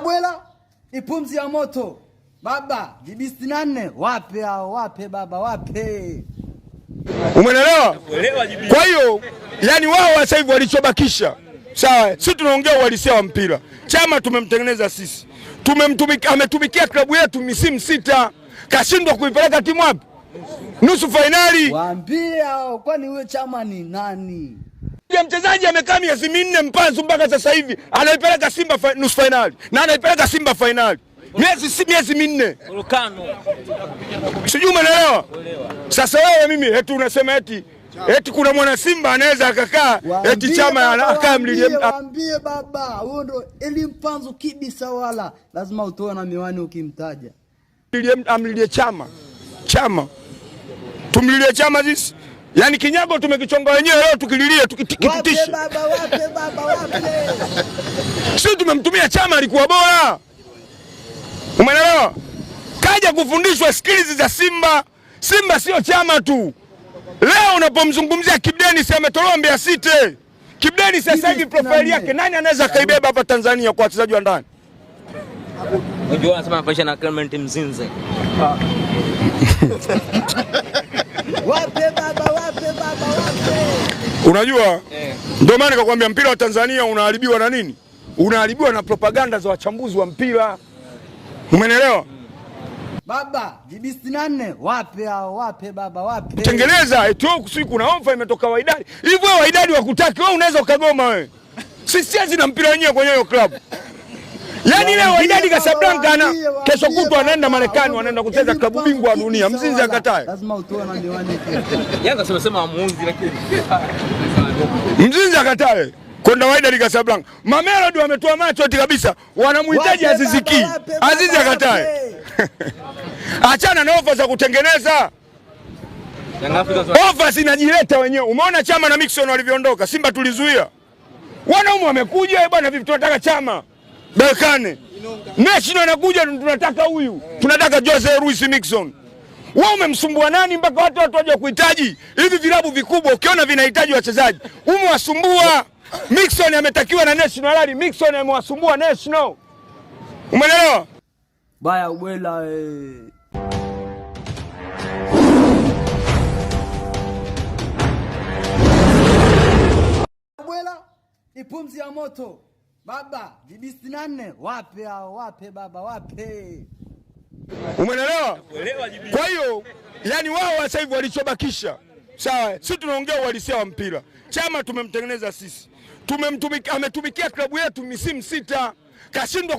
Bwela ni pumzi ya moto baba, jibi sitini na nne wape hao, wape baba, wape. Umeelewa? Kwa hiyo yani wao sasa hivi walichobakisha sawa, sisi tunaongea uhalisia wa mpira. Chama tumemtengeneza sisi, tumemtumikia, ametumikia klabu yetu misimu sita, kashindwa kuipeleka timu wapi? Nusu fainali. Waambie hao, kwani huyo chama ni nani? Ya mchezaji amekaa miezi minne mpanzu mpaka sasa hivi anaipeleka Simba nusu fainali na anaipeleka Simba fainali miezi si miezi minne, sijui umeelewa? Sasa wewe mimi eti unasema eti eti kuna mwana Simba anaweza akakaa eti chama akakaa mlilie. Waambie baba huyo ndo mpanzu kibisa, wala lazima utoe na miwani ukimtaja amlilie chama chama, tumlilie chama sisi Yaani kinyago tumekichonga wenyewe leo tukililia tukitikitisha. Wape baba, wape baba, wape. tumemtumia Chama alikuwa bora. Umeelewa? Kaja kufundishwa skills za Simba. Simba sio Chama tu. Leo unapomzungumzia Kibdeni si ametolewa Mbeya City. Kibdeni sasa hivi profile yake nani anaweza kaibeba hapa Tanzania kwa wachezaji wa ndani? Unajua anasema anafanya na Clement Mzinze. Wape baba, wape baba, wape. Unajua eh, ndio maana nikakwambia mpira wa Tanzania unaharibiwa na nini? Unaharibiwa na propaganda za wachambuzi wa mpira, umenielewa? Baba, jibi sitini wape hao, wape baba, wape. Tengeneza eti wewe kusii kuna ofa imetoka Waidadi. wewe Waidadi wakutaki wewe unaweza ukagoma wewe. Sisi siezi na mpira wenyewe kwenye hiyo klabu. Yaani leo Wydad Casablanca na kesho kutwa anaenda Marekani wanaenda kucheza yaani klabu bingwa wa dunia. Mzinzi akatae. Lazima utoe na miwani Yanga sema sema amuunzi lakini. Mzinzi akatae. Konda Wydad Casablanca. Mamelodi wametoa macho ati kabisa. Wanamhitaji Aziziki. Azizi akatae. Achana na ofa za kutengeneza. Ofa zinajileta wenyewe. Umeona Chama na Mixon walivyoondoka. Simba tulizuia. Wanaume wamekuja eh, bwana, vipi tunataka Chama Berkane. Messi ndo anakuja, tunataka huyu, tunataka Jose Luis Mixon. Wewe umemsumbua nani mpaka watu watu waje kuhitaji? Hivi vilabu vikubwa ukiona vinahitaji wachezaji, umewasumbua. Mixon ametakiwa na National Rally. Mixon amewasumbua National. Umeelewa? Baya ubwela eh. Ubwela ni pumzi ya moto. Baba, bibi sitini wape hao, wape baba, wape. Umeelewa? Kwa hiyo yani wao sasa hivi walichobakisha sawa, si tunaongea uhalisia wa mpira. Chama tumemtengeneza sisi, tumemtumikia, ametumikia klabu yetu misimu sita, kashindwa